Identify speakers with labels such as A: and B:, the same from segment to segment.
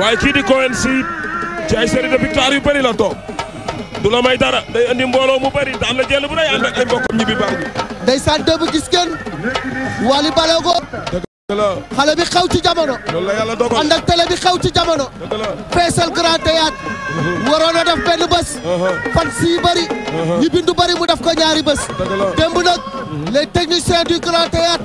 A: waaye kii di Coen si ci ay série de victoire yu bëri la toog du may dara day andi mbooloo mu bëri daan la jël bu day ànd ak ay mbokkam ñibbi baax bi ndeysaan dëbb gis ngeen Wally Balago xale bi xew ci jamono loolu ak télé bi xew ci jamono feesal grand théâtre def fan si bëri ñi uhuh. bindu bëri mu def ko ñaari bés démb nag uhuh. les techniciens du grand théâtre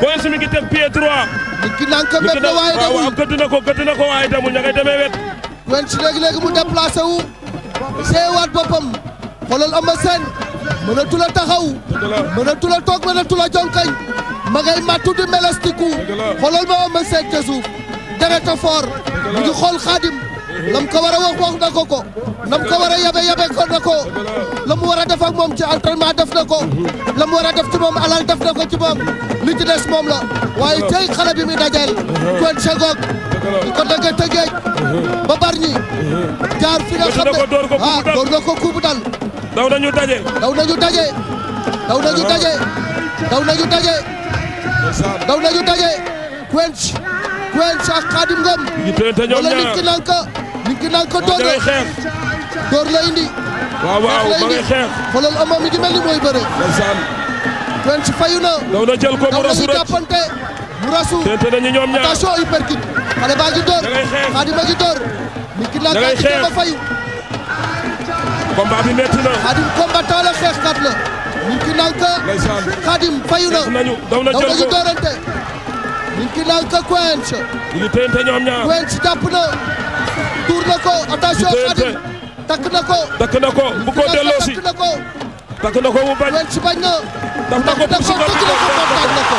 A: Gomes mi ngi teg pied droit. nit ki naan ko mépp waaye demul waaw gëdd na ko gëdd na ko waaye demul ña ngay demee wet. Gomes léegi-léegi mu déplacé wu. seewaat boppam xoolal Eumeu Sène mënatul a taxaw. mënatul a toog mënatul a jonkañ. ma ngay màttu di melestiku. xoolal ma Eumeu Sène ca suuf. dereta fort ngi xool xaadim. nam ko war a wax wax na ko ko. nam ko war a yabe yabe ko na ko. moom ci entraînement def na ko la war a def ci moom alal def na ko ci moom li ci des moom la waaye bi muy dajeel ko dëgg tëggeej ba bar ñi jaar fi ko kuubu dal daw nañu daje daw nañu daje daw a daje daw nañu daje daw nañu daje Quench Quench ak Khadim door la indi waaw waaw ma ngay xeex xoolal ama mi ngi mel ni mooy bëre. ndeysaan. Quench fayu na. daw na jël ko mu rasu rek daw na ñu jàppante mu rasu. tente nañu ñoom ñaar a uppercut. xale baa ngi door xaadima ngi door. mi ngi la gàcce ba bi métti na. xaadim combattant la xeexkat la. mi ngi nànk. ndeysaan xaadim daw na jël daw na ñu doorante. mi ngi nànk Quench. ñu ngi takk na ko takk na ko bu ko delloo si takk na ko mu bañ wel si bañ na daf na ko pour si daf na ko kontaan na ko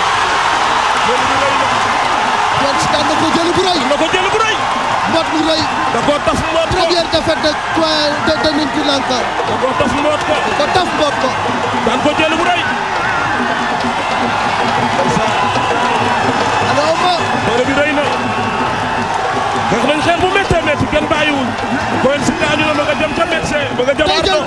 A: wel si daan na ko jëli bu rëy na ko jëli bu rëy mot mu rëy da ko taf mot ko première défaite de quoi de de Sri Lanka da ko taf mot ko da ko taf mot ko daan ko jëli bu rëy alors ma bëre bi rëy na xeex nañ xeex bu méttee métti kenn bàyyiwuñ Magandang araw!